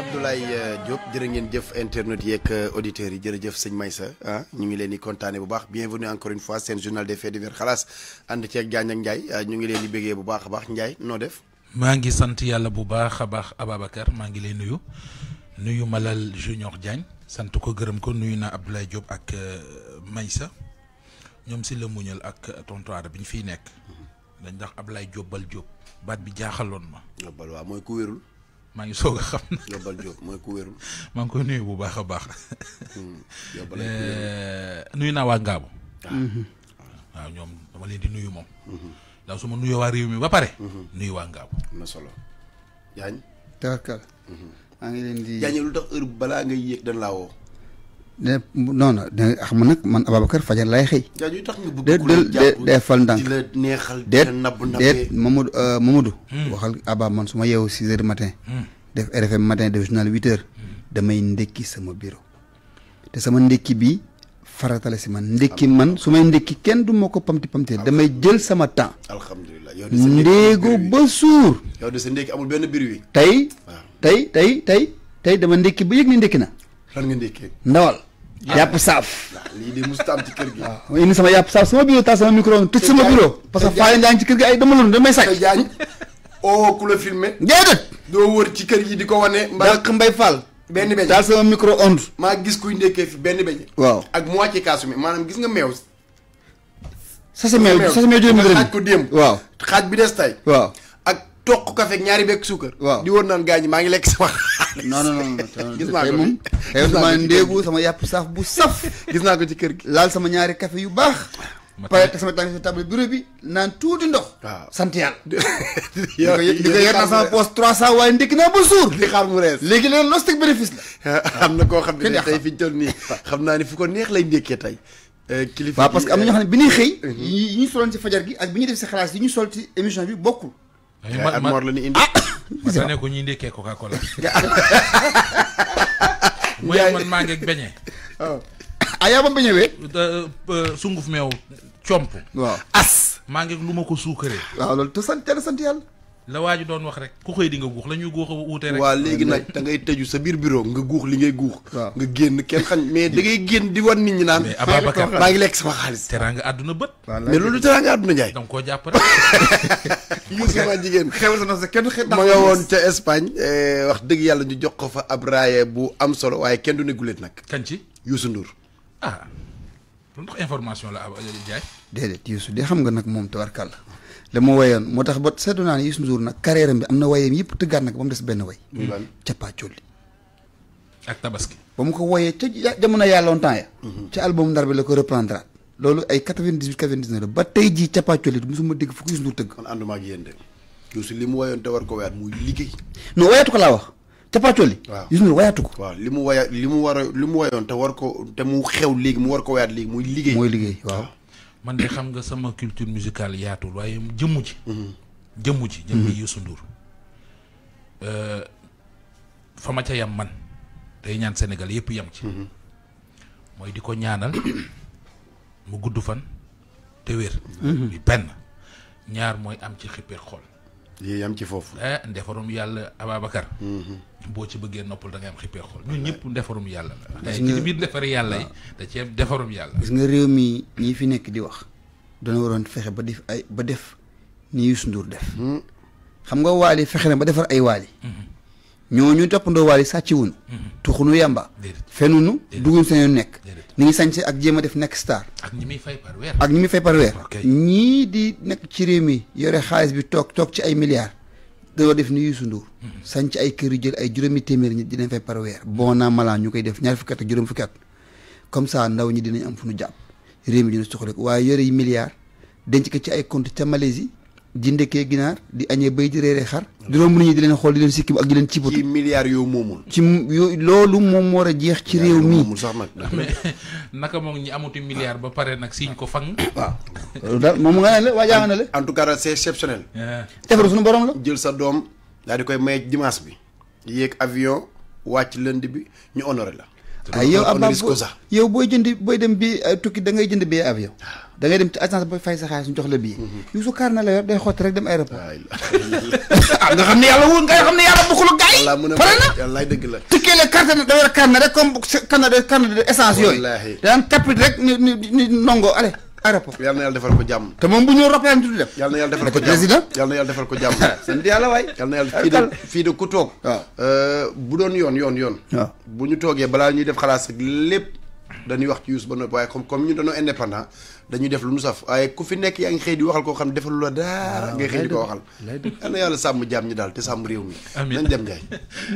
Abdoulaye uh, Diop jërë ngeen jëf internet yek uh, auditeur yi jërëjëf seigne Maysa ah ñu ngi leen di bu baax bienvenue encore une fois sen journal des faits divers and ci ak gañ ak Ndiaye ah, ñu ngi leen di bu baax baax Ndiaye no def. ma ngi sante yalla bu baax baax ababakar ma ngi lay nuyu nuyu Malal Junior djagne sante ko gërem ko nuyu na Abdoulaye Diop ak uh, Maysa ñom ci le muñal ak tontuwaar bi ñu fiy nekk mm-hmm. dañ dox Abdoulaye Diop bal Diop baat bi jaaxaloon ma. Ah, bal wa moy ku wërul maa ngi soog a xam. Yobal Diop mooy ku wér. maa ngi koy nuyu bu baax a baax. Hmm, eh, nuyu naa waa Ngaabu. Ah. Hmm. waaw ñoom dama leen di nuyu moom. Hmm. ndax su ma nuyoo waa réew mi ba pare. nuyu waa Ngaabu. am na solo. Diagne. Tarkal. maa ngi leen di. Diagne lu tax heure balaa ngay yéeg dañ laa woo. non non xam ah, nga nag man Ababacar fajar lay xëy. jaajëf tax nga bëgg ku la jàpp defal ndànk di la neexal di la nabb nabbee déet déet Mamadou euh, Mamadou. Hmm. waxal Aba man su ma yeewoo six du matin. Hmm. def RFM matin def journal huit heures. Hmm. damay ndekki sama bureau. te sama ndekki bi faratale si man ndekki man su may ndekki kenn du ma pamti pamti damay jël sama temps. alhamdulilah yow de sa ndéego ba suur. yow de sa ndekki amul benn biir wi. tey tay, tay, tay, dama ndekki ba yëg ndekki na. lan nga ndawal. yàpp saaf. lii de mosut am ci kër gi. indi sama yàpp saaf sama bureau taal sama micro woon tëj sama bureau. parce que faa yaa ci kër gi ay dama loon damay sàcc. te jaañ oo oh, ku la filmé. déedéet. doo wër ci kër yi di ko wane. mbaa mbay Fall. benn beñ taal sama micro onde. maa gis kuy ndekkee fi benn beñ. waaw ak moitié kaasu mi maanaam gis nga meew. sa sa meew sa sa meew juróomi dërëm xaaj ko démb. waaw xaaj bi des tay waaw. toq kafe ak ñaari bekk suukar. waaw di wër naan gaañ maa ngi lekk sama xaalis. non non non gis naa ko moom. gis naa ndéebu sama yàpp saaf bu saf. gis naa ko ci kër gi. laal sama ñaari kafe yu baax. ma pare sama tànk si table bureau bi naan tuuti ndox. waaw sant yàlla. di ko di ko yor naa sama poche 300 waaye ndekki naa ba suur. di xaar mu rees léegi leen loolu bénéfice la. am na koo xam ne tey fi ñu toll nii xam naa ne fu ko neex lay ndékkee tey. Euh, kilifa waaw parce que am na ñoo xam ne bi ñuy xëy. yi ñuy soloon ci fajar gi ak bi ñuy def si xalaas yi ñu sol ci émission bi bokkul Eh, eh, ak Mor la ñu indi. Ah! ma sa ko ñuy ndekkee Coca Cola. mooy man maa ngi beñe. waaw oh. ah, yaa ma beñewee. Eh, sunguf meew comp. waaw as. maa ngi lu ma ko suukaree. waaw loolu te sant teel sant la waaju doon wax rek ku xëy di nga guux la ñuy guux a wuute rek waaw léegi nag dangay ngay tëju sa biir bureau nga guux li ngay guux waaw nga génn kenn xam mais da ngay génn di wan nit ñi naan Ababacar maa ngi lekk sama xaalis teraanga àdduna bët mais loolu teraanga àdduna jaay da nga koo jàpp na sa kenn xew ma nga woon ca Espagne eh, wax dëgg yàlla ñu jox ko fa ab raaye bu am solo waaye kenn du ne guléet nag kan ci Youssou Ndour ah information la ab jaay déedéet Youssou de xam nga nag moom tawarkal la la mu wayoon moo tax ba seetlu naa ne Youssou Ndour nag carrière bi am na wayam yëpp tëggaat na ko ba mu des benn way. cappaa colli. ak tabaski. ba mu ko woyee ca jamono yàlla longtemps ya. Mhm. ca album ndar bi la ko reprendre loolu ay 98 99 la ba tey jii cappaa colli mosuma dégg fu ko Youssou Ndour tëgg. man ànduma ak yéen de. Youssou li mu wayoon te war ko wayaat muy liggéey. non wayaatu ko laa wax. cappaa colli. waaw wayaatu ko. waaw li mu waya li mu war a li mu wayoon war ko te mu xew léegi mu war ko wayaat léegi muy liggéey. mooy liggéey waaw. Ah. man de xam nga sama culture musicale yaatul waaye jëmmu mhm. ji. jëmmu ji. Mhm. jëmmi Youssou Ndour. Euh, fa ma ca yam man day ñaan Sénégal yëpp yam ci. Mhm. mooy di ko ñaanal mu gudd fan te wér. bi benn ñaar mooy am ci xippeek xool yi am ci foofu. ah yàlla Ababacar. Mm-hmm. boo ci bëggee noppal dangay am xippee xool ñun ñëpp ndefarum yàlla la. gis nga yàlla yi da cee defarum nga réew mi ñi fi nekk di wax. dana waroon fexe ba def ay ba def ni Youssou Ndour def. Hmm. xam nga waali fexe na ba defar ay waali hmm. ñoo ñu ñooñu toppandoo waale sàcc wuñu mhm. tuxunu yàmba fenunu dugguñ seen yoon nekk ni ngi sañse ak jéem a def nekk star ak ñi muy fay par weer ak ñi muy fay par ñii di nekk ci réew mi yore xaalis bi toog toog ci ay milliards dañoo def ni Youssou Ndour mhm. sañc ay kër yu jël ay juróomi téeméer ñi dinañ fay par weer bon naa malaa ñu koy def ñaar fukki at ak juróom fukki at comme ça ndaw ñi dinañ am fu nu jàpp réew mi dina soxla waaye yore yi milliards denc ko ci ay compte ca Malaisie di ndekkee ginaar di añee bay di reeree xar. di romb nit ñi di leen xool di leen sikki ak di leen ci cibbatu. ci milliards yoo moomul. ci yooyu loolu moom moo war a jeex ci réew mi. moomul sax nag. mais naka moom ñi amatu milliard ba pare nag siñ ko fan waaw daal moom nga ne la waa jaaxal na la. en tout cas c'est exceptionnel. Ah. defaru suñu borom la. jël sa doom daal di koy may dimanche bi. yéeg avion wàcc lundi bi ñu honoré la. ay ah, yow Abba yow booy jënd booy dem bi euh, tukki da ngay jënd bi avion ah. da ngay dem ci agence ba fay sa xaalis jox la bii mhm. yu su kaar na la yor day xotti rek dem aéroport ah, ah nga xam ne yàlla wóor nga xam ne yàlla bokkul ak gars yi pare na wallaay dëgg la tukkee la carte da yor carte na rek comme carte d'essence yooyu daan tapit rek ni ni nongo ale aéroport yal na yàlla defal ko jàmm te moom bu ñu roppee am du def yal na yàlla defal ko président yal na yàlla defal ko jàmm sant yàlla waay yal na yàlla fii de fii de ku toog waaw euh, bu doon yoon yoon yoon bu ñu toogee balaa ñuy def xalaas ak lépp dañuy wax ci Youssou ba noppi comme comme ñu dañoo indépendant dañuy def lu nu saf waaye ku fi nekk yaa ngi di waxal koo xam defalu la dara ngay xëy di ko waxal yal na yàlla sàmm jàmm ñi daal te sàmm réew mi nañ dem jaay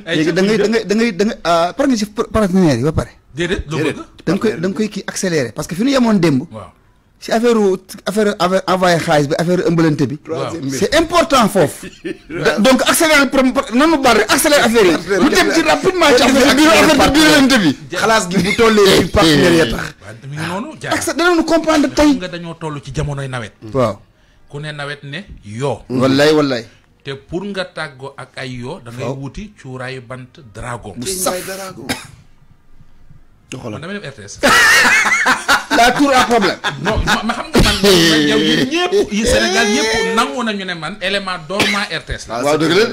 léegi da ngay da ngay da ngay da nga ah, par nga si partenaires yi ba pare déedéet da nga koy da koy kii accéléré parce que fi ñu yemoon démb waaw ci affaire affaire affaire envoyé xaalis bi affaire ëmbalante bi. c'est important foofu. donc accélérer nanu bari accélérer affaire yi. mu dem ci rapidement ci affaire bi affaire bi ëmbalante bi. xalaas gi bu tollee ci partenariat tax. waaw accé danañu comprendre tey. nga dañoo toll ci jamonoy nawet. waaw ku ne nawet ne yoo. Mm-hmm. wallay wallay. te pour nga tàggoo ak ay yoo. da wuti cuuraayu bant dragon. bu saf xoolal damay dem RTS. la tour à problème. non ma xam nga man. yow yéen ñëpp yi Sénégal yëpp nangu nañu ne man élément dormant RTS la. waaw dëgg la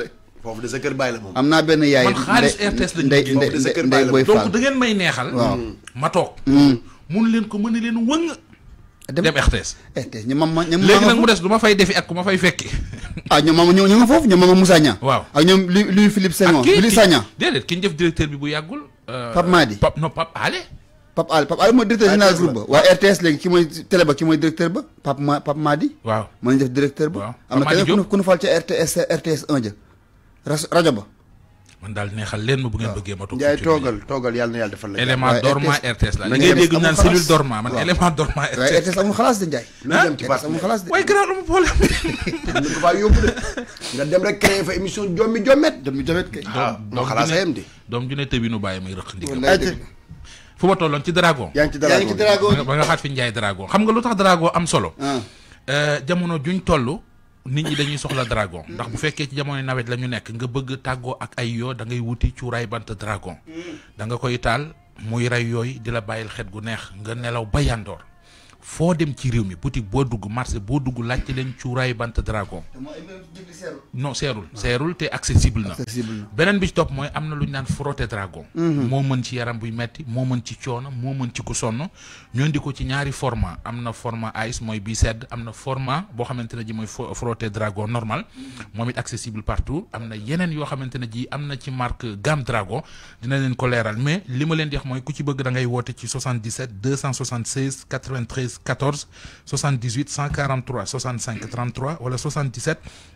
foofu de sa kër bàyyi la moom. am naa benn yaay xaalis RTS lañu. ndey ndey ndey booy da ngeen may neexal. waaw hmm. ma toog. Hmm. mun leen ko mën a leen wëng. dem RTS. RTS ñu mam ma ñu léegi nag mu des du ma fay defi ak ku ma fay fekki. ah ñoom maama ñoo ñu nga foofu ñoom maama Moussa Niang. waaw ak ñoom Louis Philippe Senghor. ak kii déedéet ki ñu directeur bi bu yàggul Euh, Pape maadi Pape non Pape Alé. Pape Alé Pape Alé mooy directeur général groupe ba waa RTS léegi ki mooy télé ba ki mooy directeur ba Pape Ma Pape Madi. waaw moo def directeur ba. am na keneen ku nu fal ca RTS RTS 1 ja rajo ba. man daal neexal leen ma bu ngeen bëggee ma toog Ndiaye toogal toogal yàlla na yàlla defal la élément dormant RTS la da ngay dégg ñu naan cellule dormant man élément dormant RTS waaye RTS amul xalaas de Ndiaye lu dem ci baat amul xalaas de waaye grand amul problème bi ko faa yóbbu de nga dem rek créé fa émission jommi jommet jommi jommet kay ah, doom xalaas ayam di doom ju ne tëbi nu bàyyi may rëq ndig fu ma tolloon ci dragon yaa ngi ci dragon ba nga xaat fi Ndiaye dragon xam nga lu tax dragon am solo ah. eh, jamono juñ toll nit ñi dañuy soxla dragon ndax bu fekkee ci jamono nawet la ñu nekk nga bëgg tàggoo ak ay yoo da ngay wuti ray bant dragon mm. da nga koy taal muy ray yooyu di la bàyyil xet gu neex nga nelaw ba foo dem ci réew mi boutique boo dugg marché boo dugg laajte leen cuuraayu bant dragon. no seerul seerul te accessible na. beneen bi ci topp mooy am na lu ñu naan frotté dragon. Mhm. moo mën ci yaram buy metti moo mën ci coono moo mën ci ku sonn ñoo di ko ci ñaari format am na format ice mooy bii sedd am na format boo xamante ne ji mooy frotté dragon normal moom it accessible partout am na yeneen yoo xamante ne ji am na ci marque gamme dragon dina leen ko leeral mais li ma leen 14 78 143 65 33 wala 77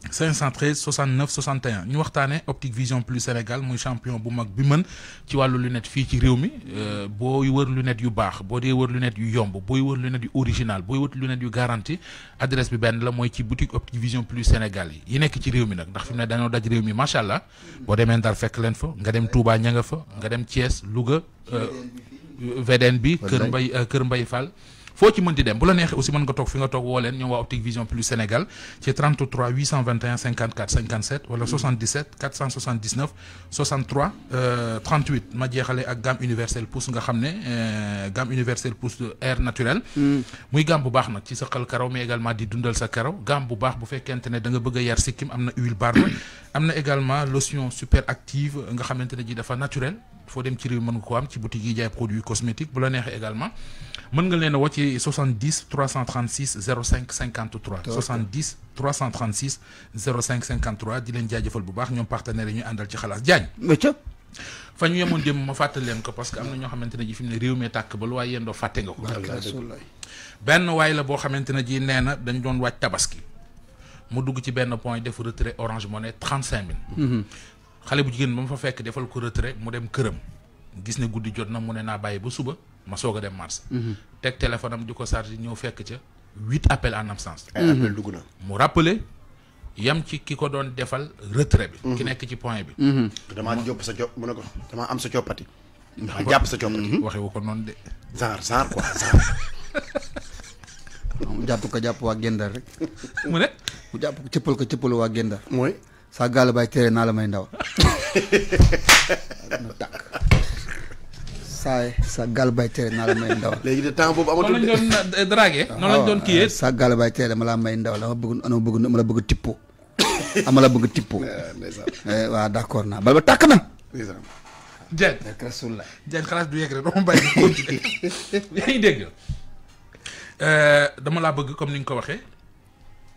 513 69 61 ñu waxtaanee Optique Vision Plus Sénégal muy champion bu mag bi mën ci walu lunette fi ci réew lunettes euh, yu wër lunette yu bax bo dé wër lunette yu yomb wër original boy wër lunette yu garantie adresse bi ben la moy ci boutique Optique Vision Plus Sénégal yi yi nekk ci rewmi nak ndax fimné dañu daj rewmi machallah bo dar fekk nga dem Touba fa nga dem Thiès Louga. Euh, VDN bi Kër Mbay euh, Kër Mbay Fall fo ci mënti dem bu la aussi mën nga tok fi nga tok woo leen ñoom Optique Vision Plus Sénégal ci 33 821 54 57 wala 77 479 63 38 ma aller ak gamme universelle pousse nga xamné euh, gamme universelle pousse de air naturel. Hmm. muy gamme bu baax nak ci sa xel karaw mais également di dundal sa karaw gamme bu baax bu fekkente ne da nga bëgg yar sikkim kim amna huile barbe Amna également lotion super active nga xamante ji dafa naturel faut dem ci rew man ko boutique yi produits cosmétiques bu la également man nga leen 70 336 05 53. 70 336 05 53 di leen suis bu baax ñom partenaires ñu ci fa ñu ma parce que na ji fimne rew me tak ba lu nga ko. la bo ji neena dañ doon tabaski mu dugg ci point orange monnaie 35000. Mm-hmm xalé bu jigéen bam fa fekk defal ko retrait mu dem kërëm gis ne guddi jot na mu ne suba ma soga a dem mars mhm. téléphone am fekk huit appels en absence. appels rappelé yam ci kiko don defal retrait bi. Mhm. ki nek ci point bi. Mhm. dama jop sa mu ko dama am sa sa non de. quoi Zar, ko japp wa Gendar rek. mu ne. mu ko ko saa gàll naa la may ndaw sa gàll baay tere naa la may ndaw. léegi de temps boobu amatul noonu lañ doon euh, dragué. Ah, laa may ndaw dama bëgg dama bëgg dama la bëgg tippo ama la bëgg tippo. Eh, eh, waaw d' naa bal ba tàkk na. Diène dama euh, dama laa bëgg comme ni nga ko waxee.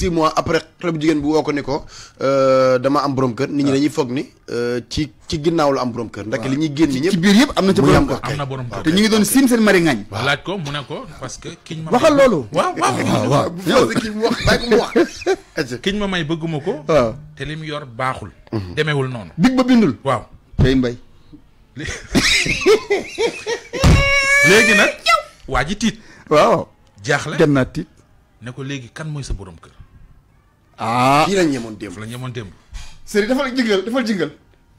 six mois après xale bu jigéen bi woo ko ni ko euh, dama am boroom kër. nit ñi ah. dañuy foog ni euh, ci ci ginnaaw lu am borom kër. ndax li ñuy génn ñëpp ci biir yëpp am na ci borom kër. na borom kër te ñu ngi doon siin seen mari ngaañ. laaj ko mu ne ko parce que. kiñ ma waxal loolu. waaw waaw waaw bu ma may bëgguma ko. waaw te li mu yor baaxul. Mhm. demeewul noonu. dig ba bindul. waaw tey mbay. léegi nag. waa tiit. waaw jaaxle dem naa tiit. ne ko léegi kan mooy sa boroom kër ah fii lañ ñemoon démb. la ñemoon démb. Serigne dafal jingal dafal jingal.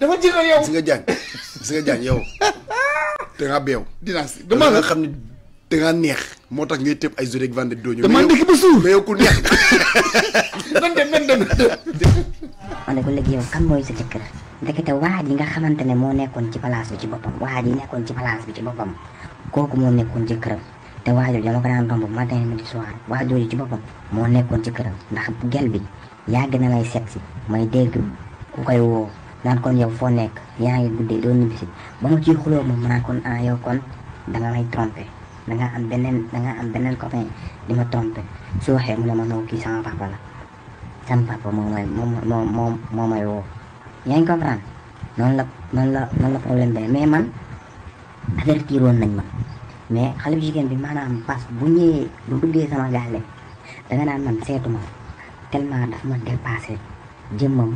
dafal jingal yow. gis nga jaañ gis nga yow. da ngaa beew. dinaa si la xam ne da ngaa neex. moo tax ngay tëb ay zone ak vendredi doo ñëw. damaa ndekki ba suur mais yow ku neex. nan dem nan dem. ma ne ko léegi yow kan mooy sa jëkkër. ndekete waaj yi nga xamante ne moo nekkoon ci place bi ci boppam waaj yi nekkoon ci place bi ci boppam kooku moo nekkoon jëkkëram. te waajur ja ma ko daan romb matin midi soir waajur ji ci boppam moo nekkoon ci këram ndax gel bi yàgg na may seet si may dégg ku koy woo naan kon yow foo nekk yaa ngi guddee doon ñibbisi ba ma ciy xuloo ma naan kon ah yow kon danga may trompé danga am beneen danga am beneen copain di ma trompé su waxee ne ma noo kii sama papa la sama papa moo may moo moo moo may woo yaa ngi comprendre noonu la noonu la noonu la problème bi mais man avertir nañ ma mais xale bu jigéen bi maanaam parce que bu ñëwee bu duggee sama gaale danga naan man seetuma tellement daf ma dépassé jëmmam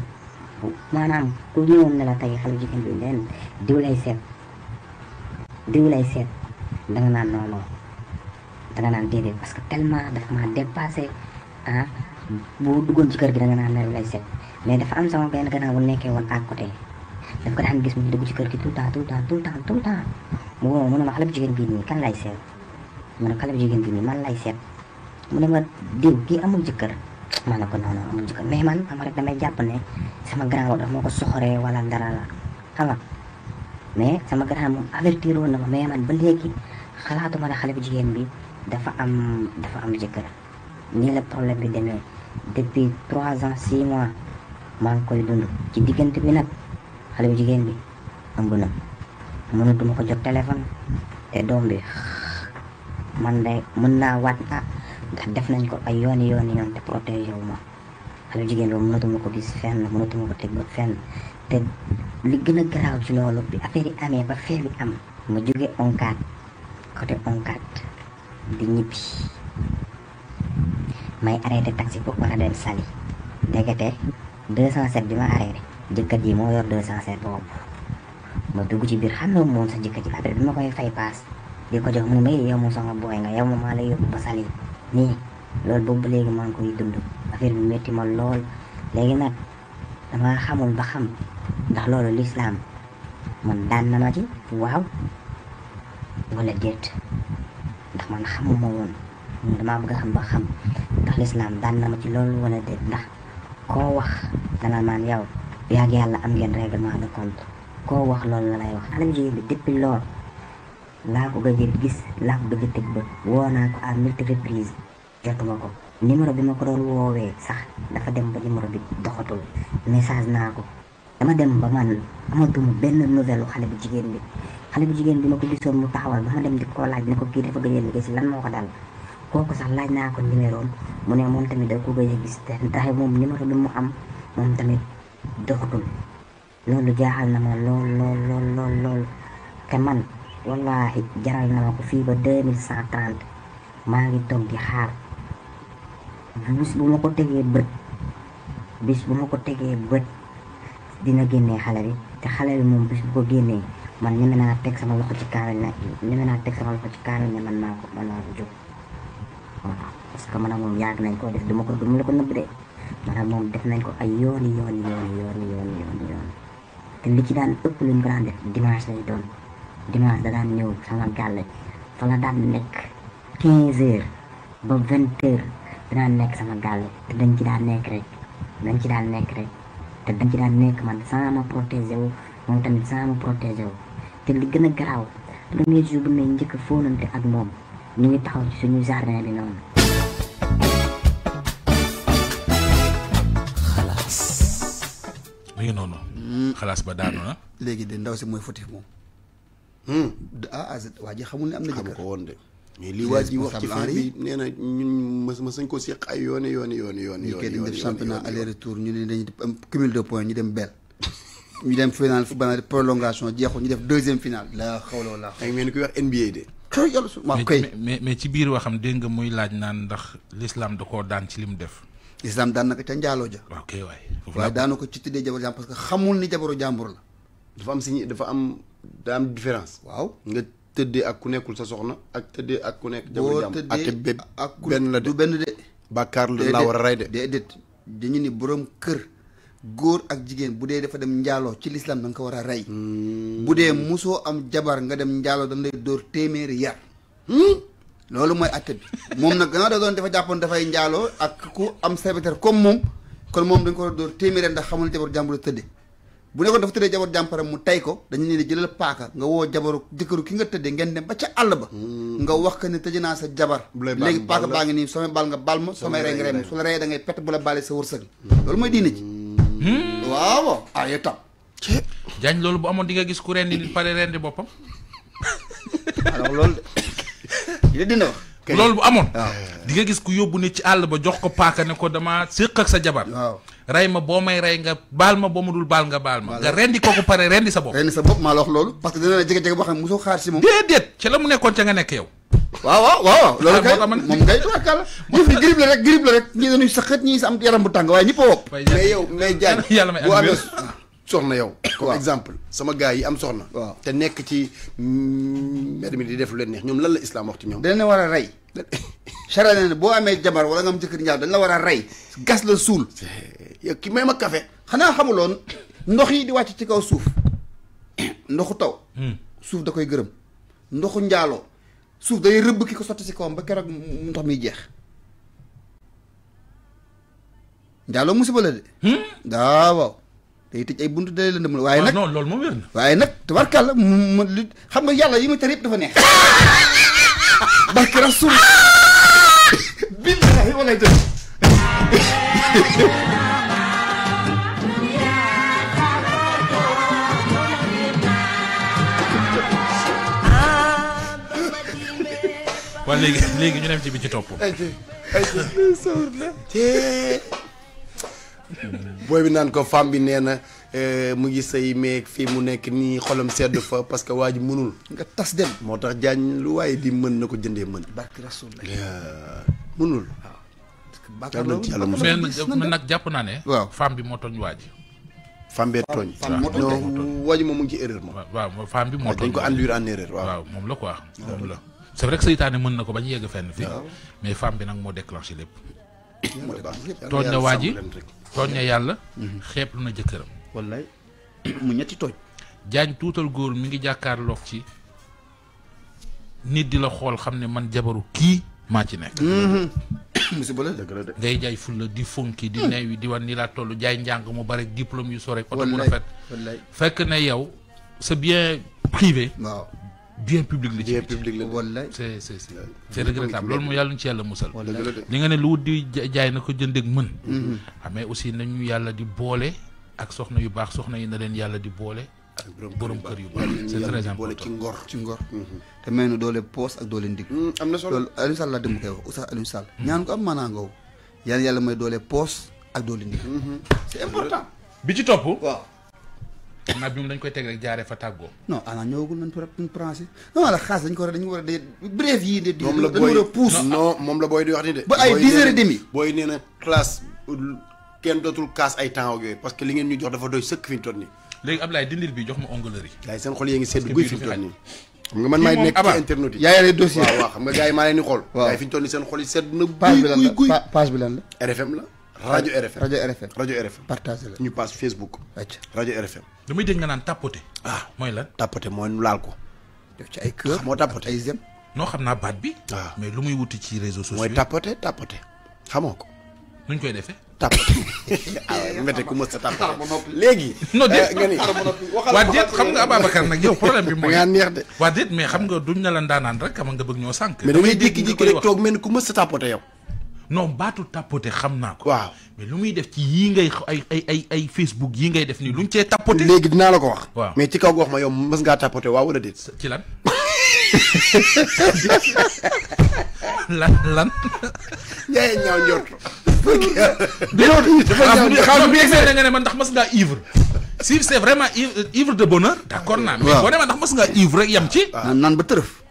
maanaam ku ñëwoon ne la tey xale bu jigéen bi leen diw lay seet diw lay seet danga naan non non danga naan déedéet parce que tellement daf ma dépassé ah bu duggoon ci kër gi danga naan naru lay seet mais dafa am sama benn gannaaw bu nekkee woon à côté daf ko daan gis mu dugg ci kër gi tout le temps tout le temps mu woo mu ne ma xale jigéen bii nii kan lay seet mu ne xale jigéen bii man lay seet mu ne ma diw kii amul jëkkër ma ne ko non non amul jëkkër mais rek damay jàpp ne sama grand boobu moo ko soxoree wala ndara la xam mais sama grand moom avertir woon na ma mais man ba léegi xalaatuma ne xale bu jigéen bi dafa am dafa am jëkkër nii la problème bi demee depuis trois ans six mois maa ngi koy dund ci diggante bi nag xale jigéen bi ëmb na mënatu ma ko jot téléphone te doom bi man day mën naa waat ah ndax def nañ ko ay yooni yooni yoon te protégé wu ma xale jigéen boobu mënatu ma ko gis fenn mënatu ma ko teg fenn te li gën a ci loolu bi affaire yi amee ba fee am ma jóge onkaat côté onkaat di ñibbi may arrêté taxi pour war a dem sali, ndekete 207 bi ma arrêté jëkkat yi moo yor 207 boobu ma dugg ci biir xam ne moom sa jëkkër ji après bi ma koy fay paas di ko jox mu ne ma yow moom sama booy nga yow moom maa lay yóbbu ba sali nii loolu boobu léegi maa koy dund affaire bi métti ma lool léegi nag xamul ba xam ndax loolu lislaam man daan na ma ci waaw wala déet ndax man bëgg a xam ba xam ndax lislaam daan na ma ci lool wala déet ndax koo wax dana maan yow yaa ngi yàlla am ngeen règlement de compte koo wax loolu la lay wax anam jigéen bi depuis lool laa ko gëj a gis laa ko gëj a ba woo naa ko à multi reprise jotuma ko numéro bi ma ko woowee sax dafa dem ba numéro bi doxatul message naa ko dama dem ba man amatuma benn nouvelle u xale bu jigéen bi xale bu jigéen bi ma ko gisoon taxawal ba ma di koo laaj ko kii dafa gëj a liggéey si lan ko dal kooku sax laaj naa ko numéro mu ne moom tamit da ko gëj a gis te ndax moom numéro bi mu am moom tamit doxatul loolu jaaxal na ma lol lol lol, lol lool te man wallahi jaral na ma ko fii ba deux mille cent trente di xaar bis bu ma ko tegee bët bis bu ko tegee dina génnee xale te xale bi bis bu ko man ñeme na teg sama loxo ci kaamel na ñeme na teg sama loxo ci kaamel ne man maa ko man maa ko jóg waaw parce que man ak moom nañ koo def duma ko duma la ko nëbb de man ak def nañ ko ay yooni yooni yooni yooni yooni yooni te li ci daan ëpp luñ ko daan def dimanche da daan ñëw sama gàlle fa la daan nekk 15 heures ba 20 heures dinaan nekk sama gàlle te dañ ci daan nekk rek dañ ci daan nekk man sans ma protéger wu moom tamit sans ma te li gën a garaaw premier jour bu may njëkk a fóonante ak moom ñu ngi taxaw ci suñu jardin bi noonu. xalaas xalaas ba daanu na. léegi de ndaw si mooy hmm. de A xamul mais li waa wax ci ñun ko ay championnat aller retour de points ñu dem ñu dem final prolongation ñu def deuxième finale. la la, NBA de. mais mais ci biir waxam dégg nga muy laaj naan ndax l'islam da daan ci islam daan na ko ca njaaloo ja. ok waay waaye daanu ko ci tuddee jabaru jàmbur parce que xamul ni jabaru jàmbur la. dafa am si dafa am daa am différence. waaw nga tëddee ak ku nekkul sa soxna ak tëddee ak ku nekk. jabaru jàmbur boo ak ku benn la du benn de. bàkkaar la la war a rey de. déedéet dañu ni boroom kër. góor ak jigéen bu dee dafa dem njaaloo ci lislaam da nga ko war a rey. Hmm. bu dee musoo am jabar nga dem njaaloo dañ lay dóor téeméeri yar. Hmm? loolu mooy àtte bi moom nag gannaaw da doon dafa jàppoon dafay njaaloo ak ku am serviteur comme moom kon moom dañ ko war dóor téeméer ndax xamul jabar jàmbur tëdde bu nekkoon dafa tëddee jabar jàmparam mu tey ko dañu ne di jëlal paaka nga woo jabaru jëkkëru ki nga tëddee ngeen dem ba ca àll ba hmm. nga wax ko ne tëj naa sa jabar léegi paaka baa ngi nii soo may baal nga baal ma soo may rey nga rey ma su la reyee da ngay pett bu la baalee sa wërsëg hmm. loolu mooy diine ji hmm. waaw ah yow tam jaañ loolu bu amoon di nga gis ku rendi nit pare rendi boppam alors dina wax loolu bu amoon di nga gis ku yóbbu ne ci àll ba jox ko paaka ne ko dama séq ak sa jabar waaw rey ma boo may rey nga baal ma boo ma dul baal nga baal ma nga rendi kooku pare rendi sa bopp rendi sa bopp maa la wax loolu mu nekkoon ca nga nekk yow waaw waaw waaw loolu moom kay turakal jëf ni grippe la rek grippe la rek ñi dañuy saxat ñi sa am yaram bu a wokk mais yow yow comme exemple sama gars yi am soxna. waaw te nekk ci mbedd mi di def lu leen neex ñoom lan la islam wax ci ñoom. dañ la war a rey. chara ne boo amee jabar wala nga am jëkkër ñaar dañ la war a rey gas la suul. ki may ma café xanaa xamuloon ndox yi di wàcc ci kaw suuf ndoxu taw. suuf da koy gërëm ndoxu njaaloo suuf day rëbb ki ko sotti si kawam ba keroog ndox miy jeex. njaaloo musiba la de. waaw waaw. day tëj ay buntu day lëndëm la waaye ah, nag non loolu moom wér na waaye nag tabarkàlla mu li xam nga yàlla yi muy tere yëpp dafa neex barke rasul billahi walay të waa léegi léegi ñu dem ci bi ci topp ay ay sawr la booy bi naan ko femme bi nee na euh, mu ngi say meeg fii mu nekk nii xolam sedd fa parce que waa ji mënul. nga tas dem moo tax jaañ lu waaye di mën na ko jëndee mën. barki rasul la mënul. waaw bàkkaar loolu nag jàpp naa ne. waaw femme bi moo tooñ waa ji. femme bee tooñ. femme moom mu ngi ci erreur moom. bi moo tooñ ko induire moom la quoi. moom la c'est vrai seytaane mën na ko bañ yegg fen fii. mais femme bi nag moo déclenché lépp. tooñ na waa ji tooñ na yàlla mhm. xeeblu na jëkkëram wallaay mu jaañ tuutal góor mi ngi jàkkaarloog ci nit di la xool xam ne man jabaru kii maa ci nekk mhm. musiba ngay jaay fulla di fonki di hmm. neewi di wan ni laa toll jaay njàng mu bare diplôme yu sore oto bu rafet fekk ne yow c'est bien privé bien public la ci bien public la wallaay c'est c'est c'est euh, regrettable loolu mooy yàlla ñu ci yàlla musal li nga ne lu wut di jaay na ko jënd ak mën mhm. ah, mais aussi ñu yàlla di boole ak soxna yu baax soxna yi na leen yàlla di boole ak borom kër yu baax c'est très important boole ci ngor ci ngor mhm. te may na doole poos ak doole mm, am na solo loolu Aliou Sall laa dem koy wax Oustaz Aliou Sall mm. ñaan ko am maanaa yàlla yàlla may doole poos ak doole ndig mhm. c'est important bi ci topp xam naa bi ko war a dañu war a de bref yii de. moom la booy non moom la booy di wax ni na classe kenn dootul kaas man maay nekk ci internet yi. yaa yore dossier xam nga gars yi maa leen di xool. waaw nii seen xol yi sedd na. guy guy guy page bi lan la RFM la rajo RFM rajo RFM rajo RFM. partagé la ñu passe Facebook. rajo rajo RFM. damay dégg nga naan tapoté. ah mooy lan tapoté mooy nu laal ko. def ay kër moo tapoté ay noo xam naa baat bi. Ah. mais lu muy wuti ci réseaux sociaux mooy tapoté tapoté xamoo ko. nuñ koy defee. tapoté ah mbete ku mës a tapoté léegi. non déet eh, nga ni waa déet xam nga Ababacar nag yow problème bi mooy. da neex de. waa déet mais xam nga duñ na la ndaanaan rek xam nga bëgg ñoo sànq. mais da ngay jékki toog mel ku mës a tapoté yow non baatu tapoté xam naa ko. waaw lu muy def ci yii ngay ay ay ay ay Facebook yii ngay def nii luñ cee tapoté. léegi dinaa la ko wax. waaw mais ci kaw wax ma yoom mës ngaa tapoté waaw wala déet. ci lan. lan lan. Ndiaye ñaaw njort. dafa bi yegg nga ne man ndax mës ngaa ivre. si c'est vraiment ivre de bonheur. d'accord naa mais boo demee ndax mës ngaa ivre yam ci. naan ba tërëf.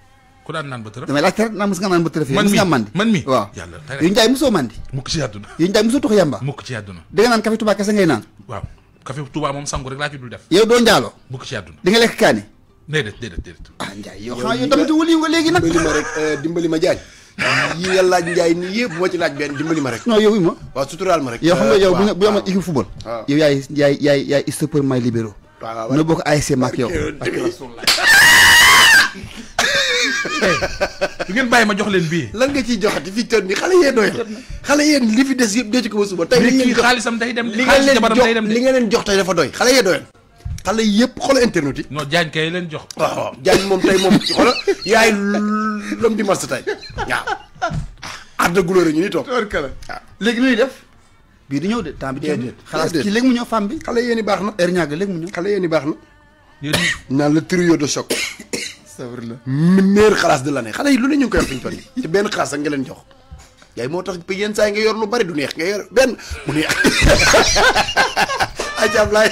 ku nan naan ba tërëf damay laaj rek naa mos nga naan ba tërëf man mi mandi man mi waaw yàlla yu njaay mosoo mandi mukk ci àdduna yu njaay mosoo tux yamba mukk ci àdduna da nga naan café touba kese ngay naan waaw café touba moom sangu rek laa ci dul def yow doo njaaloo mukk ci àdduna di nga lekk kaani déedéet déedéet déedéet ah njaay yow xanaa yow tamit wali nga léegi nag dimbali ma rek euh, dimbali ma jaaj yi nga laaj njaay nii yëpp moo ci laaj benn dimbali ma rek non yow ma waaw suturaal ma rek yow xam nga yow bu bu amoon football ah. yow yaay yaay yaay yaay stoppeur may libéro na bokk ASC maak yow du ngeen bàyyi ma jox leen bii. lan nga ciy joxati fii toog nii xale yee doy xale yee li fi des yëpp dee ci ko ba suba tey li ngeen xaalisam day dem li nga leen li nga leen jox tey dafa doy xale yee doy xale yëpp xoolal internet yi. non Diagne kay leen jox. waaw waaw Diagne moom tey moom xoolal yaay lom di mars tey waaw. Ah, arde gulóor ñu ni toog. waaw ah. léegi ñuy def. bii di ñëw de temps bi di ñëw xalaas kii léegi mu ñëw bi. xale yéen i baax na. heure ñàgg léegi mu ñëw. xale yéen i na. naan le trio de choc. astafurlah. meilleur xalaas de l'année xale yi lu ne ñu ngi koy wax fi ñu toll nii te benn xalaas ak nga leen jox. yaay moo tax yenn saa yi nga yor lu bari du neex nga yor benn mu neex. ajab laay.